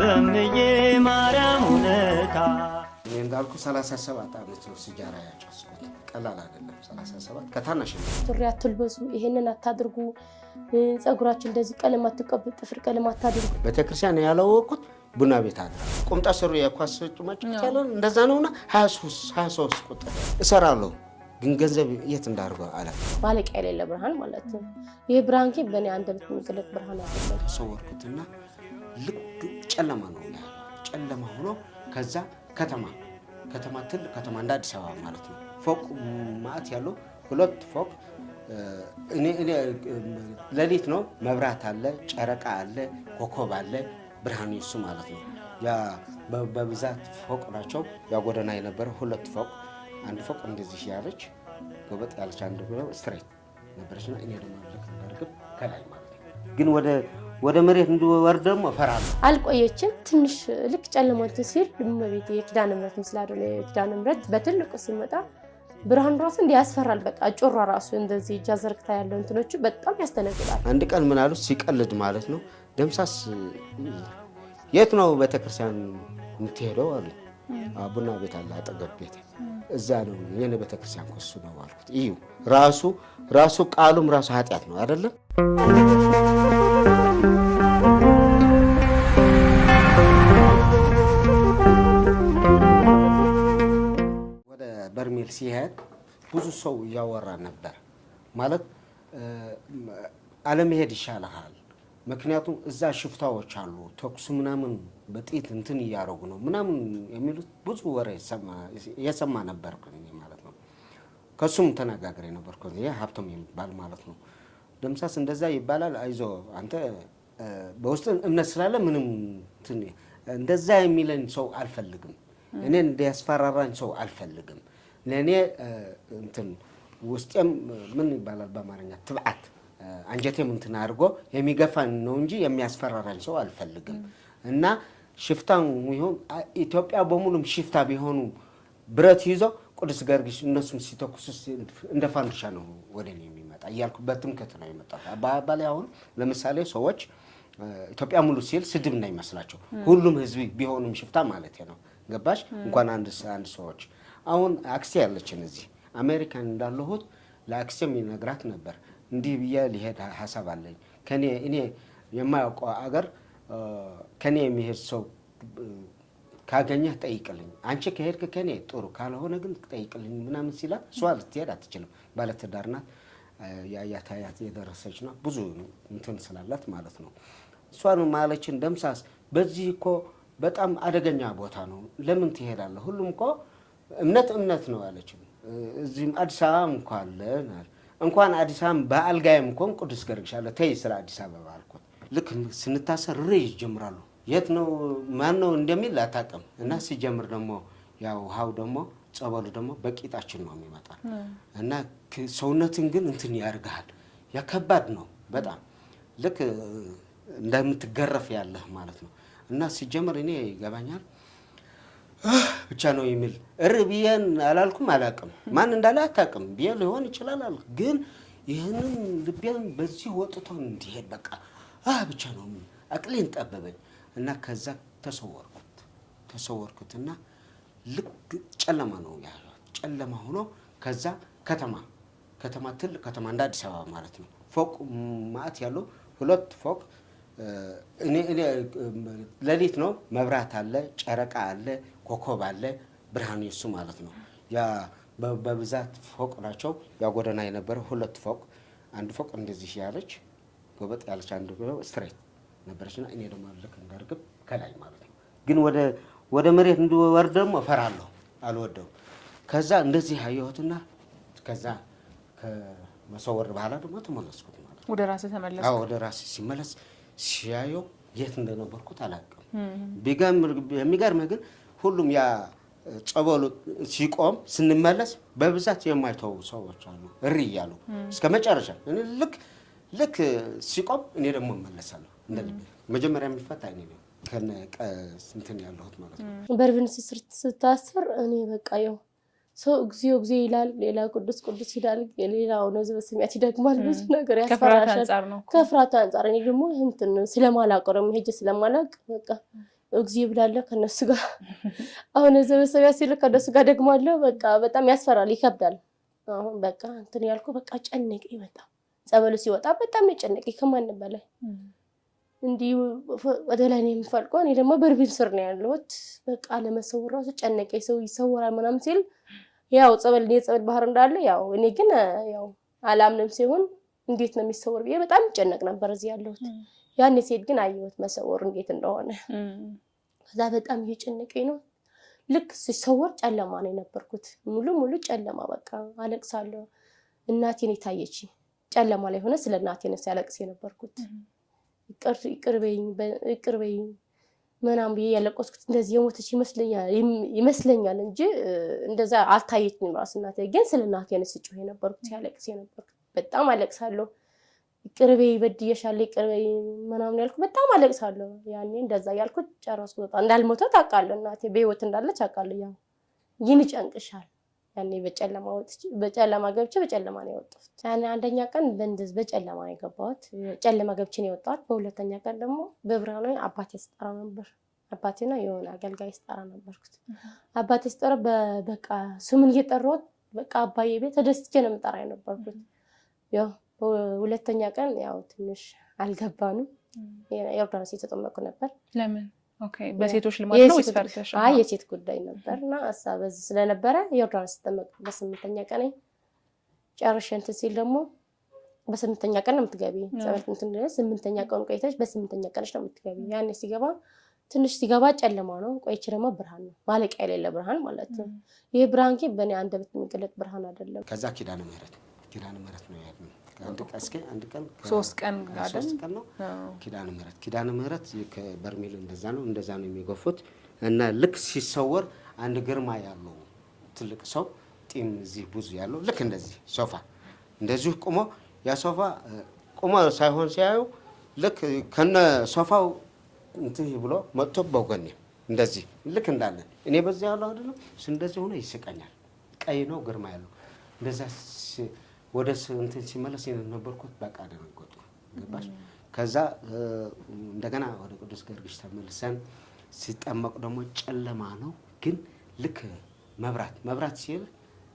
በምዬ ማርያም ሁነታ እኔ እንዳልኩ 37 ዓመት ነው ሲጋራ ያጨስኩት። ቀላል አይደለም 37 ከታናሽ ሱሪ አትልበሱ፣ ይሄንን አታድርጉ፣ ጸጉራችሁ እንደዚህ ቀለም አትቀቡ፣ ጥፍር ቀለም አታድርጉ። ቤተክርስቲያን ያላወቅኩት ቡና ቤት አለ ቁምጣ ስሩ የኳስ ጭማጭት ቻለ እንደዛ ነውና 23 ቁጥር እሰራለሁ፣ ግን ገንዘብ የት እንዳርገ አለ ማለቂያ የሌለ ብርሃን ማለት ነው። ይህ ብርሃን በእኔ አንደበት የሚገለጥ ብርሃን አለ ተሰወርኩትና ልክ ጨለማ ነው ያለው። ጨለማ ሆኖ ከዛ ከተማ ከተማ ትልቅ ከተማ እንደ አዲስ አበባ ማለት ነው። ፎቅ ማት ያለው ሁለት ፎቅ ሌሊት ነው። መብራት አለ፣ ጨረቃ አለ፣ ኮከብ አለ፣ ብርሃን ይሱ ማለት ነው። ያ በብዛት ፎቅ ናቸው። ያ ጎዳና የነበረ ሁለት ፎቅ አንድ ፎቅ እንደዚህ ያለች ጎበጥ ያለች አንድ ስትሬት ነበረችና እኔ ደግሞ ልክ ከላይ ማለት ነው ግን ወደ ወደ መሬት እንዲወርድ ደግሞ እፈራለሁ። አልቆየችም። ትንሽ ልክ ጨለማት ሲል እመቤቴ የኪዳነ ምሕረት ምስላደ የኪዳነ ምሕረት በትልቁ ሲመጣ ብርሃን ራሱ እንዲ ያስፈራል። በቃ ጮራ ራሱ እንደዚህ እጃ ዘርግታ ያለው እንትኖቹ በጣም ያስተነግጣል። አንድ ቀን ምን አሉት ሲቀልድ ማለት ነው ደምሳስ የት ነው ቤተክርስቲያን የምትሄደው? አሉ ቡና ቤት አለ አጠገብ ቤት እዛ ነው የኔ ቤተክርስቲያን ኮሱ ነው አልኩት። እዩ ራሱ ራሱ ቃሉም ራሱ ኃጢአት ነው አይደለም ሲሄድ ብዙ ሰው እያወራ ነበር ማለት አለመሄድ ይሻልሃል። ምክንያቱም እዛ ሽፍታዎች አሉ፣ ተኩስ ምናምን በጥይት እንትን እያደረጉ ነው ምናምን የሚሉት ብዙ ወሬ የሰማ ነበር ማለት ነው። ከሱም ተነጋግሬ ነበር ሀብቶም የሚባል ማለት ነው። ደምሳስ እንደዛ ይባላል። አይዞ አንተ በውስጥ እምነት ስላለ ምንም እንደዛ የሚለኝ ሰው አልፈልግም። እኔን እንዲያስፈራራኝ ሰው አልፈልግም። ለእኔ እንትን ውስጤም ምን ይባላል በአማርኛ ትብዓት አንጀቴም እንትን አድርጎ የሚገፋን ነው እንጂ የሚያስፈራራኝ ሰው አልፈልግም። እና ሽፍታ ይሁን ኢትዮጵያ በሙሉም ሽፍታ ቢሆኑ ብረት ይዞ ቅዱስ ጊዮርጊስ እነሱም ሲተኩሱ እንደ ፋንድሻ ነው ወደ እኔ የሚመጣ እያልኩ በትምክህት ነው የመጣሁት። በላይ አሁን ለምሳሌ ሰዎች ኢትዮጵያ ሙሉ ሲል ስድብ እንዳይመስላቸው ሁሉም ህዝብ ቢሆኑም ሽፍታ ማለት ነው። ገባሽ እንኳን አንድ ሰዎች አሁን አክሴ ያለችን እዚህ አሜሪካን እንዳለሁት ለአክሴም ይነግራት ነበር። እንዲህ ብዬ ሊሄድ ሀሳብ አለኝ ከኔ እኔ የማያውቀው አገር ከኔ የሚሄድ ሰው ካገኘህ ጠይቅልኝ፣ አንቺ ከሄድክ ከኔ ጥሩ ካልሆነ ግን ጠይቅልኝ ምናምን ሲላት፣ እሷ ልትሄድ አትችልም። ባለትዳር ናት፣ የአያት አያት የደረሰች ናት። ብዙ እንትን ስላላት ማለት ነው። እሷን ማለችን ደምሳስ፣ በዚህ እኮ በጣም አደገኛ ቦታ ነው፣ ለምን ትሄዳለህ? ሁሉም እኮ እምነት እምነት ነው አለችው። እዚህም አዲስ አበባ እንኳ አለ እንኳን አዲስ አበባ በአልጋይም እንኳን ቅዱስ ገርግሻለሁ ተይ ስለ አዲስ አበባ አልኳት። ልክ ስንታሰር ሬ ይጀምራሉ። የት ነው ማን ነው እንደሚል አታውቅም። እና ሲጀምር ደግሞ ያው ውሃው ደግሞ ጸበሉ ደግሞ በቂጣችን ነው የሚመጣ እና ሰውነትን ግን እንትን ያርግሃል። ያ ከባድ ነው በጣም ልክ እንደምትገረፍ ያለህ ማለት ነው። እና ሲጀምር እኔ ይገባኛል ብቻ ነው የሚል እር ብዬን አላልኩም። አላቅም ማን እንዳለ አታቅም ብዬ ሊሆን ይችላል አልክ። ግን ይህንን ልቤን በዚህ ወጥቶ እንዲሄድ በቃ ብቻ ነው አቅሌን ጠበበኝ እና ከዛ ተሰወርኩት ተሰወርኩት እና ልክ ጨለማ ነው ያለው ጨለማ ሆኖ ከዛ ከተማ ከተማ ትልቅ ከተማ እንደ አዲስ አበባ ማለት ነው ፎቅ ማዕት ያለው ሁለት ፎቅ ሌሊት ነው፣ መብራት አለ፣ ጨረቃ አለ፣ ኮከብ አለ፣ ብርሃን የሱ ማለት ነው። ያ በብዛት ፎቅ ናቸው። ያ ጎዳና የነበረ ሁለት ፎቅ አንድ ፎቅ እንደዚህ ያለች ጎበጥ ያለች አንድ ስትሬት ነበረችና እኔ ደግሞ ልክ እንዳርግብ ከላይ ማለት ነው። ግን ወደ መሬት እንድወርድ ደግሞ እፈራለሁ፣ አልወደው። ከዛ እንደዚህ ያየሁትና ከዛ ከመሰወር በኋላ ደግሞ ተመለስኩት ማለት ነው። ወደ ራሴ ተመለስኩ። ወደ ራሴ ሲመለስ ሲያዩ የት እንደነበርኩት አላውቅም። የሚገርምህ ግን ሁሉም ያ ጸበሉ ሲቆም ስንመለስ በብዛት የማይተው ሰዎች አሉ፣ እሪ እያሉ እስከ መጨረሻ። ልክ ልክ ሲቆም እኔ ደግሞ እመለሳለሁ። መጀመሪያ የሚፈታ እኔ ነኝ ከነ እንትን ያለሁት ማለት ነው። በርብን ስስር ስታስር እኔ በቃ ሰው እግዚኦ እግዚኦ ይላል፣ ሌላ ቅዱስ ቅዱስ ይላል፣ ሌላ ሆነ በስሚያት ይደግማል። ብዙ ነገር ያስፈራሻል ከፍርሃት አንጻር። እኔ ደግሞ እንትን ስለማላውቀው ደግሞ ሄጄ ስለማላውቅ በቃ እግዚኦ ብላለ ከነሱ ጋር አሁን ዘበሰቢያ ሲል ከነሱ ጋር ደግማለሁ። በቃ በጣም ያስፈራል፣ ይከብዳል። አሁን በቃ እንትን ያልኩ በቃ ጨነቀኝ። በጣም ጸበሉ ሲወጣ በጣም ነው ከማን ከማንም በላይ እንዲህ ወደ ላይ ነው የምፈልቀው። እኔ ደግሞ በርቢን ስር ነው ያለሁት። በቃ ለመሰወር ራሱ ጨነቀኝ። ሰው ይሰወራል ምናምን ሲል ያው ጸበል ጸበል ባህር እንዳለ ያው እኔ ግን ያው አላምንም ሲሆን እንዴት ነው የሚሰወር ብዬ በጣም ይጨነቅ ነበር እዚህ ያለሁት። ያኔ ሴት ግን አየሁት መሰወር እንዴት እንደሆነ። ከዛ በጣም እየጨነቀኝ ነው። ልክ ሲሰወር ጨለማ ነው የነበርኩት፣ ሙሉ ሙሉ ጨለማ። በቃ አለቅሳለሁ። እናቴን የታየች ጨለማ ላይ ሆነ ስለ እናቴን ሲያለቅስ የነበርኩት። ይቅር ይቅር በይኝ ምናም ብዬ ያለቀስኩት እንደዚህ የሞተች ይመስለኛል እንጂ እንደዛ አልታየችኝም። ራስ እናቴ ግን ስለ እናቴ ያነስ ጮህ የነበርኩት ያለቅስ የነበርኩት በጣም አለቅሳለሁ። ቅርቤ ይበድየሻለ ቅርቤ ምናምን ያልኩ በጣም አለቅሳለሁ። ያኔ እንደዛ ያልኩት ጨረስኩ። እንዳልሞተ ታውቃለህ እናቴ በህይወት እንዳለች አውቃለሁ። ያ ይህን ይጨንቅሻል ያኔ በጨለማ ወጥቼ በጨለማ ገብቼ በጨለማ ነው የወጣሁት። ያኔ አንደኛ ቀን በእንደዚህ በጨለማ ነው የገባሁት፣ ጨለማ ገብቼ ነው የወጣሁት። በሁለተኛ ቀን ደግሞ በብርሃኑ አባቴ ስጠራ ነበር። አባቴና የሆነ አገልጋይ ስጠራ ነበርኩት። አባቴ ስጠራ በቃ ስሙን እየጠራሁት በቃ አባዬ ቤት ተደስቼ ነው የምጠራ የነበርኩት። ያው ሁለተኛ ቀን ያው ትንሽ አልገባንም። ዮርዳኖስ እየተጠመቁ ነበር ለምን በሴቶች ልማት ነው ወይስ ፈርተሽ? አይ የሴት ጉዳይ ነበርና ሀሳብ በዚህ ስለነበረ ዮርዳኖስ ስጠመቅ በስምንተኛ ቀን ጨርሼ እንትን ሲል ደግሞ በስምንተኛ ቀን ነው የምትገቢ ጸበል እንትን ስምንተኛ ቀን ቆይተሽ በስምንተኛ ቀንሽ ነው የምትገቢ። ያኔ ሲገባ ትንሽ ሲገባ ጨለማ ነው፣ ቆይች ደግሞ ብርሃን ነው ማለቂያ የሌለ ብርሃን ማለት ነው። ይህ ብርሃን በእኔ አንደበት የሚገለጥ ብርሃን አይደለም። ከዛ ኪዳነ ምህረት ኪዳነ ምህረት ነው ያለው አንድ ቀን ሶስት ቀን ነው ኪዳነ ምህረት ኪዳነ ምህረት በርሜል እንደዛ ነው እንደዛ ነው የሚገፉት እና ልክ ሲሰወር አንድ ግርማ ያለው ትልቅ ሰው ጢም እዚህ ብዙ ያለው ልክ እንደዚህ ሶፋ እንደዚሁ ቁሞ ያ ሶፋ ቁሞ ሳይሆን ሲያዩ ልክ ከነ ሶፋው እንትን ብሎ መጥቶ በጎኔ እንደዚህ ልክ እንዳለን እኔ በዚያ ያለው አይደለም እንደዚህ ሆኖ ይስቀኛል። ቀይ ነው ግርማ ያለው እንደዛ ወደ እንትን ሲመለስ የነበርኩት በቃ ደነገጡ። ገባሽ? ከዛ እንደገና ወደ ቅዱስ ጊዮርጊስ ተመልሰን ሲጠመቁ ደግሞ ጨለማ ነው፣ ግን ልክ መብራት መብራት ሲል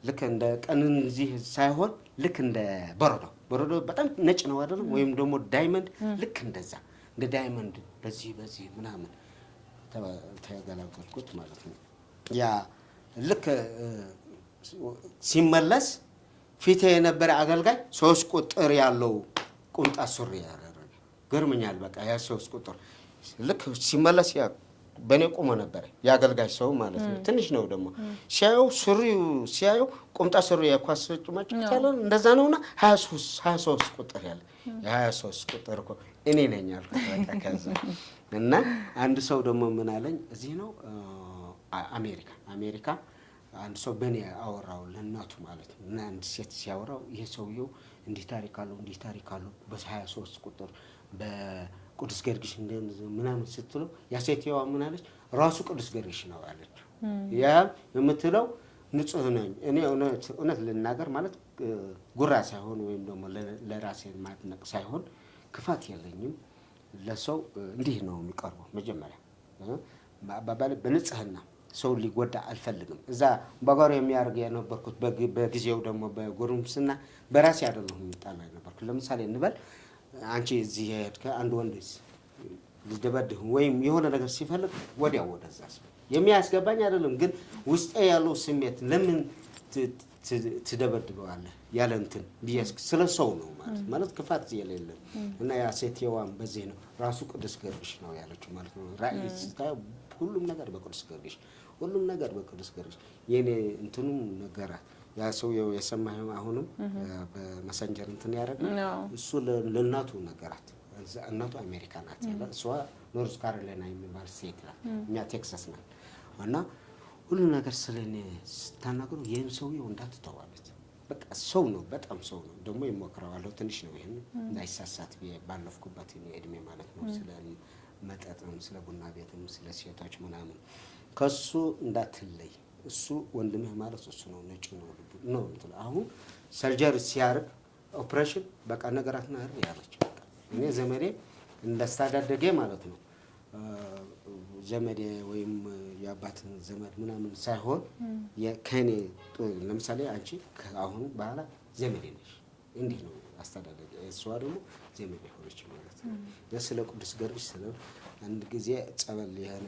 ልክ እንደ ቀን እዚህ ሳይሆን ልክ እንደ በረዶ በረዶ በጣም ነጭ ነው አይደል? ወይም ደግሞ ዳይመንድ ልክ እንደዛ እንደ ዳይመንድ በዚህ በዚህ ምናምን ተገላገልኩት ማለት ነው። ያ ልክ ሲመለስ ፊቴ የነበረ አገልጋይ ሶስት ቁጥር ያለው ቁምጣ ሱሪ ያደረገ ገርምኛል። በቃ ያ ሶስት ቁጥር ልክ ሲመለስ ያ በእኔ ቆሞ ነበረ የአገልጋይ ሰው ማለት ነው። ትንሽ ነው ደግሞ ሲያየው ሱሪው ሲያየው ቁምጣ ሱሪ የኳስ ጭማጭት ያለ እንደዛ ነውና ሀያ ሶስት ቁጥር ያለ የሀያ ሶስት ቁጥር እኮ እኔ ነኝ አልኩት። ከዛ እና አንድ ሰው ደግሞ ምን አለኝ እዚህ ነው አሜሪካ አሜሪካ አንድ ሰው በእኔ አወራው ለእናቱ ማለት ነው። እና አንድ ሴት ሲያወራው ይሄ ሰውየው እንዲህ ታሪክ አለው እንዲህ ታሪክ አለው በሀያ ሶስት ቁጥር በቅዱስ ጊዮርጊስ ምናምን ስትለው ያ ሴትየዋ ምን አለች? ራሱ ቅዱስ ጊዮርጊስ ነው አለች። ያ የምትለው ንጹህ ነኝ እኔ እውነት ልናገር ማለት ጉራ ሳይሆን ወይም ደግሞ ለራሴ ማድነቅ ሳይሆን ክፋት የለኝም። ለሰው እንዲህ ነው የሚቀርበው መጀመሪያ አባባሌ በንጽህና ሰው ሊጎዳ አልፈልግም። እዛ በጋሩ የሚያደርግ የነበርኩት በጊዜው ደግሞ በጎርምስና በራሴ አይደለሁም የሚጣላ ነበርኩ። ለምሳሌ እንበል አንቺ እዚህ የሄድከ አንድ ወንድ ሊደበድህ ወይም የሆነ ነገር ሲፈልግ ወዲያው ወደዛ የሚያስገባኝ አይደለም፣ ግን ውስጤ ያለው ስሜት ለምን ትደበድበዋለህ ያለ እንትን ብዬ ስለ ሰው ነው ማለት ማለት ክፋት የሌለ እና ያ ሴትየዋም በዚህ ነው ራሱ ቅዱስ ጊዮርጊስ ነው ያለችው ማለት ነው። ራእይ ስታየው ሁሉም ነገር በቅዱስ ጊዮርጊስ ሁሉም ነገር በቅዱስ ጊዮርጊስ የኔ እንትኑም ነገራት ያ ሰው የሰማ አሁንም በመሰንጀር እንትን ያደረግ እሱ ለእናቱ ነገራት። እናቱ አሜሪካ ናት፣ እሷ ኖርዝ ካሮላይና የሚባል ሴት ናት፣ እኛ ቴክሳስ ናት። እና ሁሉ ነገር ስለኔ ስታናግሩ ይህን ሰውየው እንዳትተዋለች። በቃ ሰው ነው፣ በጣም ሰው ነው። ደግሞ ይሞክረዋለሁ ትንሽ ነው፣ ይህን እንዳይሳሳት ባለፍኩበት እድሜ ማለት ነው። ስለ መጠጥም ስለ ቡና ቤትም ስለ ሴቶች ምናምን ከሱ እንዳትለይ እሱ ወንድምህ ማለት እሱ ነው። ነጭ ነው ልቡ ነው እንትል አሁን ሰርጀሪ ሲያርግ ኦፕሬሽን በቃ ነገራት ነው አይደል ያለች። እኔ ዘመዴ እንዳስተዳደገ ማለት ነው ዘመዴ ወይም የአባት ዘመድ ምናምን ሳይሆን ከኔ ለምሳሌ አንቺ አሁን በኋላ ዘመዴ ነሽ። እንዲህ ነው አስተዳደገ። እሷ ደግሞ ዘመዴ ሆነች ማለት ነው። ስለ ቅዱስ ጊዮርጊስ ስለ አንድ ጊዜ ጸበል የሆነ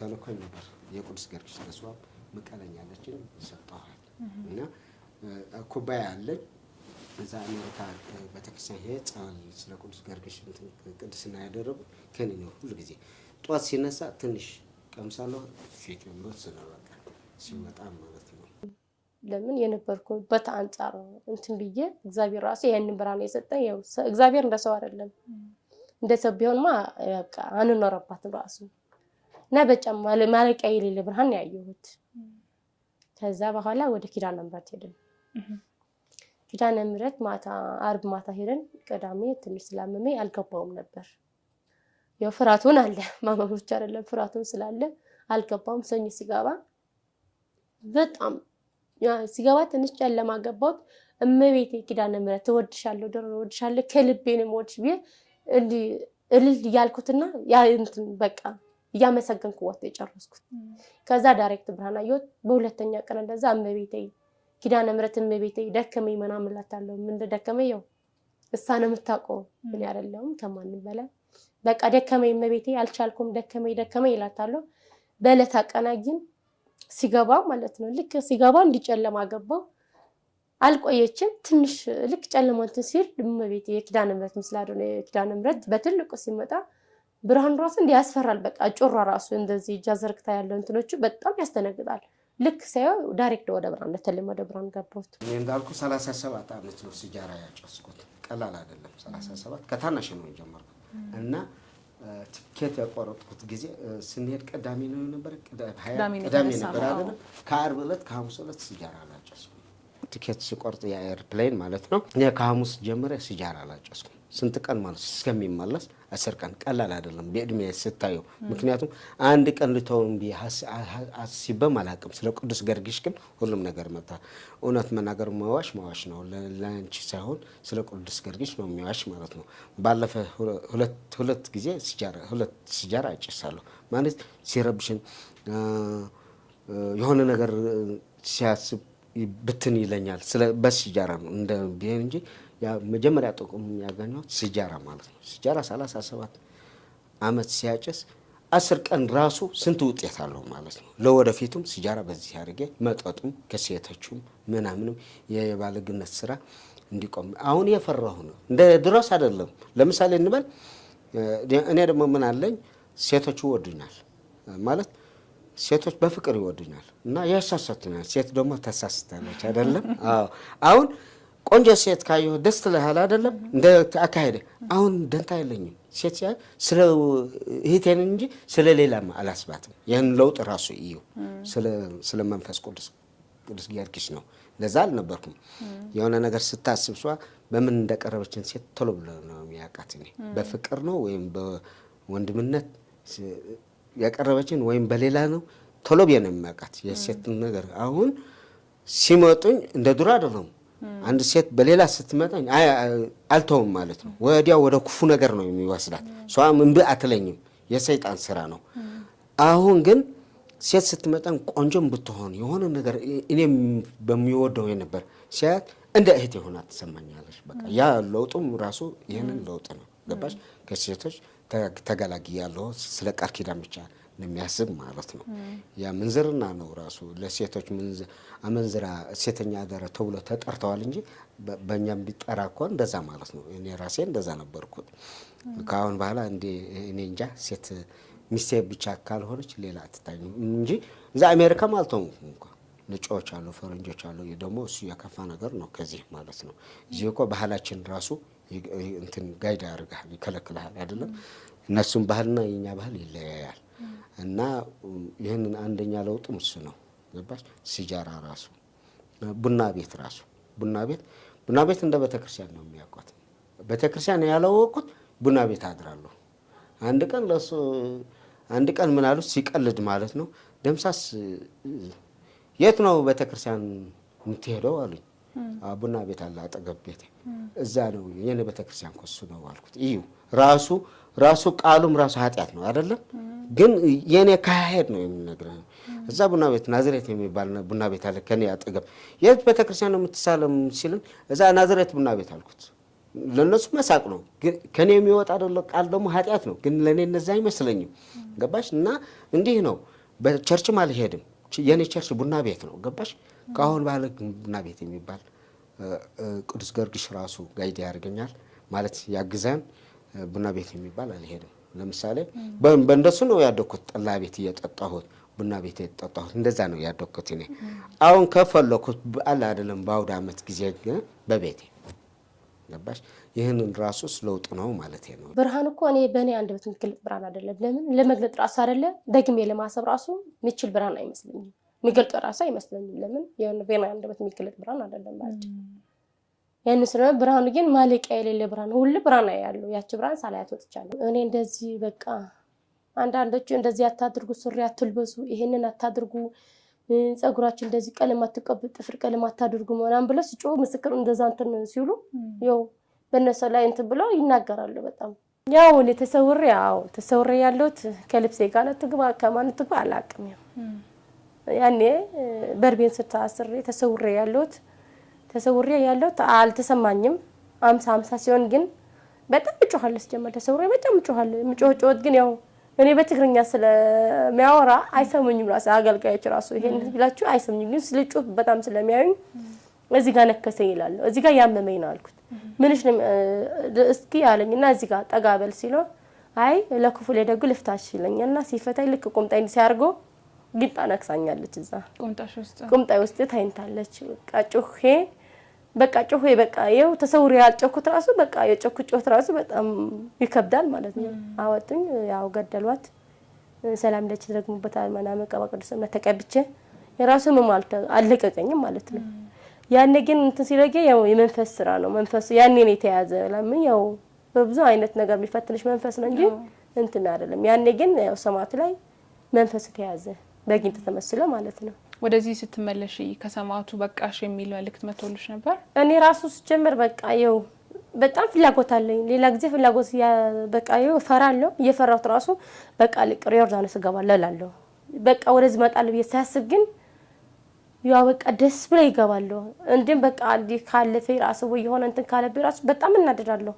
ተልኮኝ ነበር የቅዱስ ጊዮርጊስ ተስዋም መቀለኛለችን አለችን ሰጠኋል እና ኩባያ አለኝ እዛ አሜሪካ ቤተክርስቲያን ሄ ጸበል ስለ ቅዱስ ጊዮርጊስ ቅድስና ያደረጉ ከኔ ነው ሁሉ ጊዜ ጠዋት ሲነሳ ትንሽ ቀምሳለሁ ፊት ምሮት ስለበቃ ሲመጣ ማለት ነው ለምን የነበርኩበት አንጻር እንትን ብዬ እግዚአብሔር ራሱ ይህንን ብርሃን የሰጠኝ እግዚአብሔር እንደሰው አይደለም። እንደሰው ቢሆንማ በቃ አንኖረባትም ራሱ እና በጨማ ማለቂያ የሌለ ብርሃን ያየሁት። ከዛ በኋላ ወደ ኪዳነ ምሕረት ሄድን። ኪዳነ ምሕረት ማታ አርብ ማታ ሄደን፣ ቅዳሜ ትንሽ ስላመመኝ አልገባውም ነበር። ያው ፍራቱን አለ ማማሞች አይደለም ፍራቱን ስላለ አልገባውም። ሰኞ ሲገባ በጣም ሲገባ ትንሽ ጨለማ ገባሁት። እመቤቴ ኪዳነ ምሕረት እወድሻለሁ፣ ደሮ እወድሻለሁ፣ ከልቤንም እወድሽ ብዬ እንዲህ እልል እያልኩትና ያ እንትን በቃ እያመሰገንኩ ወጥቶ የጨረስኩት። ከዛ ዳይሬክት ብርሃን አየሁት። በሁለተኛ ቀን እንደዛ እመቤቴ ኪዳነ ምሕረት እመቤቴ ደከመኝ ምናምን እላታለሁ። ምን እንደደከመኝ ያው እሷ ነው የምታውቀው፣ እኔ አይደለሁም ከማንም በላይ በቃ ደከመኝ እመቤቴ አልቻልኩም፣ ደከመኝ ደከመኝ እላታለሁ። በዕለታ አቀናጊን ሲገባ ማለት ነው ልክ ሲገባ እንዲጨለማ ገባው። አልቆየችም ትንሽ ልክ ጨለማ እንትን ሲል እመቤቴ የኪዳነ ምሕረት ምስል ኪዳነ ምሕረት በትልቁ ሲመጣ ብርሃን ራሱ እንዲህ ያስፈራል። በቃ ጮራ ራሱ እንደዚህ እጃ ዘርግታ ያለው እንትኖቹ በጣም ያስተነግጣል። ልክ ሳየው ዳይሬክት ወደ ብርሃን በተለይም ወደ ብርሃን ገባሁት። እኔ እንዳልኩ ሰላሳ ሰባት አመት ነው ሲጃራ ያጨስኩት። ቀላል አይደለም። ሰላሳ ሰባት ከታናሽ ነው የጀመርኩ እና ትኬት ያቋረጥኩት ጊዜ ስንሄድ ቅዳሜ ነው ነበር ቅዳሜ ነበር አይደለም። ከአርብ ዕለት ከሐሙስ ዕለት ሲጃራ አላጨስኩም። ትኬት ሲቆርጥ የኤርፕሌን ማለት ነው። ከሐሙስ ጀምሬ ሲጃራ አላጨስኩም። ስንት ቀን ማለት እስከሚመለስ አስር ቀን ቀላል አይደለም በእድሜ ስታየው። ምክንያቱም አንድ ቀን ልተውን አስቤም አላቅም። ስለ ቅዱስ ገርግሽ ግን ሁሉም ነገር መጥቷል። እውነት መናገር መዋሽ መዋሽ ነው፣ ለአንቺ ሳይሆን ስለ ቅዱስ ገርግሽ ነው የሚዋሽ ማለት ነው። ባለፈ ሁለት ጊዜ ሁለት ሲጃራ አጭሳለሁ ማለት ሲረብሽን የሆነ ነገር ሲያስብ ብትን ይለኛል። ስለ በስ ሲጃራ ነው እንደ ቢሄን እንጂ መጀመሪያ ጥቅሙ የሚያገኘው ሲጃራ ማለት ነው። ሲጃራ 37 ዓመት ሲያጭስ አስር ቀን ራሱ ስንት ውጤት አለው ማለት ነው። ለወደፊቱም ሲጃራ በዚህ አድርጌ መጠጡም ከሴቶቹም ምናምንም የባለግነት ስራ እንዲቆም አሁን የፈራሁ ነው። እንደ ድሮስ አይደለም። ለምሳሌ እንበል እኔ ደግሞ ምን አለኝ ሴቶቹ ወዱኛል ማለት ሴቶች በፍቅር ይወዱኛል እና ያሳሳትናል። ሴት ደግሞ ተሳስተናች አይደለም አሁን ቆንጆ ሴት ካየሁ ደስ ትልሃል አይደለም? እንደ አካሄደ አሁን ደንታ የለኝም። ሴት ሲያ ስለ እህቴን እንጂ ስለ ሌላም አላስባትም። ይህን ለውጥ ራሱ እዩ። ስለ መንፈስ ቅዱስ ቅዱስ ጊዮርጊስ ነው። ለዛ አልነበርኩም። የሆነ ነገር ስታስብ ሷ በምን እንደቀረበችን ሴት ቶሎ ብሎ ነው የሚያውቃት። እኔ በፍቅር ነው ወይም በወንድምነት ያቀረበችን ወይም በሌላ ነው ቶሎ ብዬ ነው የሚያውቃት የሴት ነገር። አሁን ሲመጡኝ እንደ ድሮ አይደለም አንድ ሴት በሌላ ስትመጣኝ አልተውም ማለት ነው። ወዲያ ወደ ክፉ ነገር ነው የሚወስዳት። እሷም እምቢ አትለኝም። የሰይጣን ስራ ነው። አሁን ግን ሴት ስትመጣኝ ቆንጆም ብትሆን የሆነ ነገር እኔም በሚወደው የነበር ሲያት እንደ እህት የሆና ትሰማኛለች። በቃ ያ ለውጡም ራሱ ይህንን ለውጥ ነው። ገባሽ? ከሴቶች ተገላግያለሁ ስለ ቃል ኪዳን ብቻ ለሚያስብ ማለት ነው። ያ ምንዝርና ነው ራሱ ለሴቶች አመንዝራ ሴተኛ አደረ ተብሎ ተጠርተዋል እንጂ በእኛም ቢጠራ እኮ እንደዛ ማለት ነው። እኔ ራሴ እንደዛ ነበርኩት። ከአሁን በኋላ እንደ እኔ እንጃ ሴት ሚስቴ ብቻ ካልሆነች ሌላ አትታኝ እንጂ እዛ አሜሪካ ማለት ነው እንኳ ነጮች አሉ፣ ፈረንጆች አሉ። ደግሞ እሱ የከፋ ነገር ነው ከዚህ ማለት ነው። እዚህ እኮ ባህላችን ራሱ እንትን ጋይድ ያደርግሃል፣ ይከለክልሃል አይደለም። እነሱም ባህልና የኛ ባህል ይለያያል። እና ይህንን አንደኛ ለውጥ ምስ ነው። ገባሽ? ሲጃራ ራሱ ቡና ቤት ራሱ ቡና ቤት ቡና ቤት እንደ ቤተክርስቲያን ነው የሚያውቋት። ቤተክርስቲያን ያላወቁት ቡና ቤት አድራለሁ። አንድ ቀን ለሱ አንድ ቀን ምን አሉት ሲቀልድ ማለት ነው። ደምሳስ የት ነው ቤተክርስቲያን የምትሄደው አሉኝ። ቡና ቤት አለ አጠገብ ቤት እዛ ነው የኔ ቤተክርስቲያን ኮሱ ነው አልኩት። እዩ ራሱ ራሱ ቃሉም ራሱ ኃጢአት ነው አይደለም ግን የእኔ ካሄድ ነው የምነግርህ። እዛ ቡና ቤት ናዝሬት የሚባል ቡና ቤት አለ ከኔ አጠገብ። የት ቤተክርስቲያን ነው የምትሳለም ሲልን እዛ ናዝሬት ቡና ቤት አልኩት። ለእነሱ መሳቅ ነው፣ ከኔ የሚወጣ ቃል ደግሞ ኃጢአት ነው። ግን ለእኔ እነዛ አይመስለኝም። ገባሽ? እና እንዲህ ነው። በቸርችም አልሄድም። የእኔ ቸርች ቡና ቤት ነው። ገባሽ? ከአሁን ባለ ቡና ቤት የሚባል ቅዱስ ጊዮርጊስ ራሱ ጋይድ ያደርገኛል ማለት ያግዛን። ቡና ቤት የሚባል አልሄድም። ለምሳሌ በእንደሱ ነው ያደኩት። ጠላ ቤት እየጠጣሁት ቡና ቤት እየጠጣሁት እንደዛ ነው ያደኩት። እኔ አሁን ከፈለኩት አለ አይደለም በአውድ አመት ጊዜ በቤቴ ገባሽ። ይህንን ራሱ ለውጥ ነው ማለት ነው። ብርሃን እኮ እኔ በእኔ አንድ በት ምክል ብርሃን አይደለም። ለምን ለመግለጥ ራሱ አይደለም ደግሜ ለማሰብ ራሱ ምችል ብርሃን አይመስለኝም። የሚገልጠው ራሱ አይመስለኝም። ለምን በእኔ አንድ በት የሚገለጥ ብርሃን አይደለም ማለት ያን ስለ ብርሃኑ ግን ማለቂያ የሌለ ብርሃን ሁሉ ብርሃን ያሉ ያቺ ብርሃን ሳላያት ወጥቻለሁ። እኔ እንደዚህ በቃ አንዳንዶቹ እንደዚህ አታድርጉ፣ ሱሪ አትልበሱ፣ ይሄንን አታድርጉ፣ ፀጉራችን እንደዚህ ቀለም አትቀቡ፣ ጥፍር ቀለም አታድርጉ ምናምን ብለው ሲጮሁ ምስክር እንደዛ እንትን ሲሉ ያው በእነሱ ላይ እንትን ብለው ይናገራሉ። በጣም ያው እኔ ተሰውሬ ያው ተሰውሬ ያለሁት ከልብሴ ጋር ትግባ ከማን ትግባ አላውቅም። ያኔ በርቤን ስታስሬ ተሰውሬ ያለሁት ተሰውሬ ያለው አልተሰማኝም። አምሳ አምሳ ሲሆን ግን በጣም እጮኋለሁ። ስጀመር ተሰውሬ በጣም እጮኋለሁ። የምጮህ ጩኸት ግን ያው እኔ በትግርኛ ስለሚያወራ አይሰሙኝም። ራሱ አገልጋዮች ራሱ ይሄን ብላችሁ አይሰሙኝም። ግን ስልጩህ በጣም ስለሚያዩኝ እዚህ ጋር ነከሰኝ ይላሉ። እዚህ ጋር ያመመኝ ነው አልኩት። ምንሽ እስኪ አለኝ እና እዚህ ጋር ጠጋበል ሲለው አይ ለክፉ ለደጉ ልፍታሽ ይለኛል እና ሲፈታኝ ልክ ቁምጣይ ሲያርጎ ጊጣ ነክሳኛለች። እዛ ቁምጣ ውስጥ ታይንታለች። ቃጩሄ በቃ ጮሄ በቃ ይኸው ተሰውሮ ያልጮኩት ራሱ በቃ የጮኩት ጮት ራሱ በጣም ይከብዳል ማለት ነው። አወጡኝ፣ ያው ገደሏት። ሰላም ለች ተደግሞበታል ምናምን ቀባ ቅዱስ እምነት ተቀብቼ የራሱ ምም አልለቀቀኝም ማለት ነው። ያኔ ግን እንትን ሲለገ ያው የመንፈስ ስራ ነው መንፈሱ ያኔ ነው የተያዘ። ለምን ያው በብዙ አይነት ነገር የሚፈትንሽ መንፈስ ነው እንጂ እንትን አይደለም። ያኔ ግን ያው ሰማዕቱ ላይ መንፈሱ ተያዘ በግንጥ ተመስሎ ማለት ነው። ወደዚህ ስትመለሽ ከሰማቱ በቃሽ የሚል መልእክት መቶልሽ ነበር? እኔ ራሱ ስጀምር በቃ ይኸው በጣም ፍላጎት አለኝ። ሌላ ጊዜ ፍላጎት በቃ ይኸው እፈራለሁ። እየፈራሁት ራሱ በቃ ልቅር ዮርዳኖስ እገባለሁ እላለሁ። በቃ ወደዚህ እመጣለሁ ብዬ ሳያስብ ግን ያ በቃ ደስ ብሎ ይገባለሁ። እንዲም በቃ እንዲህ ካለፈ ራሱ ወይ የሆነ እንትን ካለብ ራሱ በጣም እናደዳለሁ።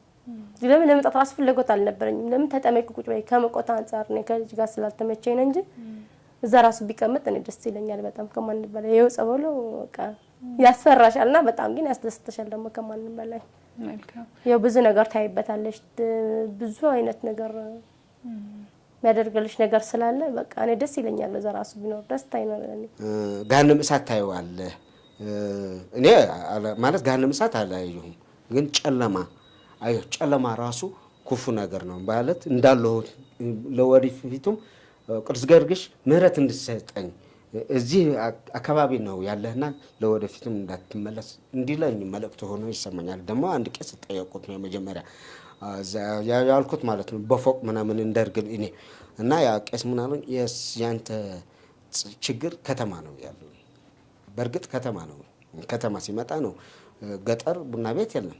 ለምን ለመጣት ራሱ ፍላጎት አልነበረኝም። ለምን ተጠመቂ ቁጭ በይ ከመቆጣ አንጻር ከልጅ ጋር ስላልተመቸኝ ነው እንጂ እዛ ራሱ ቢቀመጥ እኔ ደስ ይለኛል በጣም ከማንም በላይ ይኸው ጸበሉ በቃ ያሰራሻል እና በጣም ግን ያስደስተሻል ደግሞ ከማንም በላይ ያው ብዙ ነገር ታይበታለሽ። ብዙ አይነት ነገር የሚያደርግልሽ ነገር ስላለ በቃ እኔ ደስ ይለኛል። እዛ ራሱ ቢኖር ደስታ ይኖራል። ጋንም እሳት ታየዋለህ። እኔ ማለት ጋንም እሳት አላየሁም፣ ግን ጨለማ አየሁ። ጨለማ ራሱ ክፉ ነገር ነው ማለት እንዳለሁት ለወደፊቱም ቅዱስ ገርግሽ ምህረት እንድሰጠኝ እዚህ አካባቢ ነው ያለህና ለወደፊትም እንዳትመለስ እንዲለኝ መልእክት ሆኖ ይሰማኛል። ደግሞ አንድ ቄስ ጠየቁት ነው የመጀመሪያ ያልኩት ማለት ነው በፎቅ ምናምን እንደርግል እኔ እና ያ ቄስ ምናምን የስ ያንተ ችግር ከተማ ነው ያሉ። በእርግጥ ከተማ ነው ከተማ ሲመጣ ነው ገጠር ቡና ቤት የለም፣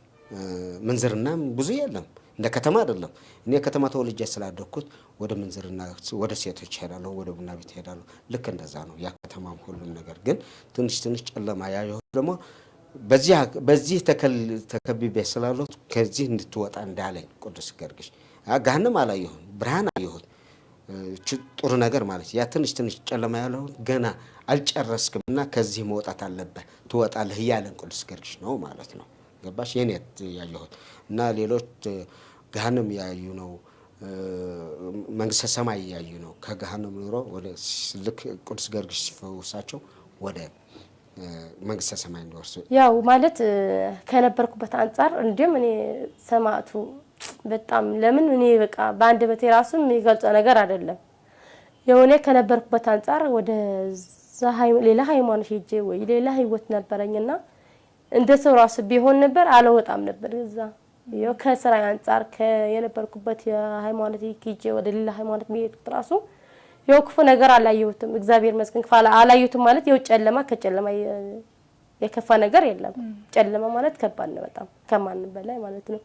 ምንዝርናም ብዙ የለም። እንደ ከተማ አይደለም። እኔ ከተማ ተወልጄ ስላደግኩት ወደ ምንዝርና ወደ ሴቶች ሄዳለሁ፣ ወደ ቡና ቤት ሄዳለሁ። ልክ እንደዛ ነው ያ ከተማም ሁሉም ነገር። ግን ትንሽ ትንሽ ጨለማ ያየሁት ደግሞ በዚህ ተከብቤ ስላለሁት ከዚህ እንድትወጣ እንዳለኝ ቅዱስ ገርግሽ ገሃነም አላየሁም፣ ብርሃን አየሁት። ጥሩ ነገር ማለት ያ ትንሽ ትንሽ ጨለማ ያለሁን ገና አልጨረስክም እና ከዚህ መውጣት አለብህ ትወጣለህ እያለን ቅዱስ ገርግሽ ነው ማለት ነው። ገባሽ የኔት ያየሁት እና ሌሎች ገሃነም ያዩ ነው መንግስተ ሰማይ ያዩ ነው። ከገሃነም ኑሮ ወደ ልክ ቅዱስ ጊዮርጊስ ሲፈውሳቸው ወደ መንግስተ ሰማይ እንዲወርሱ ያው ማለት ከነበርኩበት አንጻር እንዲሁም እኔ ሰማዕቱ በጣም ለምን እኔ በቃ በአንድ በቴ ራሱ የሚገልጸው ነገር አይደለም። የሆነ ከነበርኩበት አንጻር ወደ ሌላ ሃይማኖት ሄጄ ወይ ሌላ ህይወት ነበረኝና እንደ ሰው ራሱ ቢሆን ነበር አለወጣም ነበር። እዛ ያው ከስራ አንጻር የነበርኩበት የሃይማኖት ኪጄ ወደ ሌላ ሃይማኖት የሚሄዱት ራሱ ያው ክፉ ነገር አላየሁትም። እግዚአብሔር መስገን አላየሁትም ማለት ያው ጨለማ ከጨለማ የከፋ ነገር የለም። ጨለማ ማለት ከባድ ነው በጣም ከማንም በላይ ማለት ነው።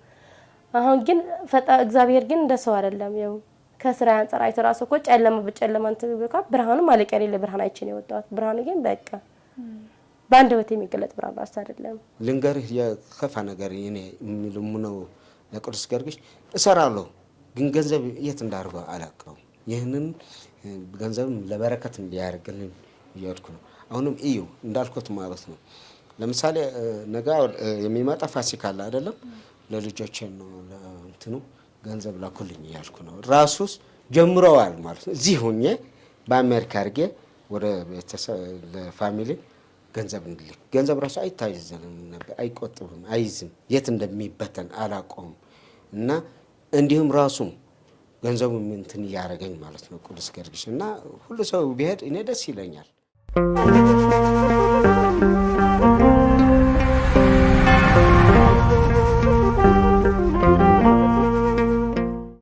አሁን ግን ፈጣ እግዚአብሔር ግን እንደ ሰው አይደለም። ያው ከስራ አንጻር አይቶ ራሱ እኮ ጨለማ በጨለማ እንትን ብርሃኑ ማለቂያ የሌለ ብርሃን አይቼ ነው የወጣሁት። ብርሃኑ ግን በቃ በአንድ ወት የሚገለጥ ብራባስ አይደለም። ልንገርህ የከፋ ነገር እኔ የሚልሙነው ለቅዱስ ጊዮርጊስ እሰራለሁ፣ ግን ገንዘብ የት እንዳደርገው አላውቀውም። ይህንን ገንዘብም ለበረከት እንዲያደርግልን እያድኩ ነው። አሁንም እዩ እንዳልኩት ማለት ነው። ለምሳሌ ነገ የሚመጣ ፋሲካ አለ አይደለም? ለልጆቼ ነው ለእንትኑ ገንዘብ ላኩልኝ እያልኩ ነው። ራሱስ ጀምረዋል ማለት ነው። እዚህ ሁኜ በአሜሪካ አድርጌ ወደ ቤተሰብ ለፋሚሊ ገንዘብ እንልክ። ገንዘብ ራሱ አይታዘንም ነበር፣ አይቆጥብም፣ አይዝም፣ የት እንደሚበተን አላቆም እና እንዲሁም ራሱ ገንዘቡ እንትን እያደረገኝ ማለት ነው። ቅዱስ ጊዮርጊስ እና ሁሉ ሰው ቢሄድ እኔ ደስ ይለኛል።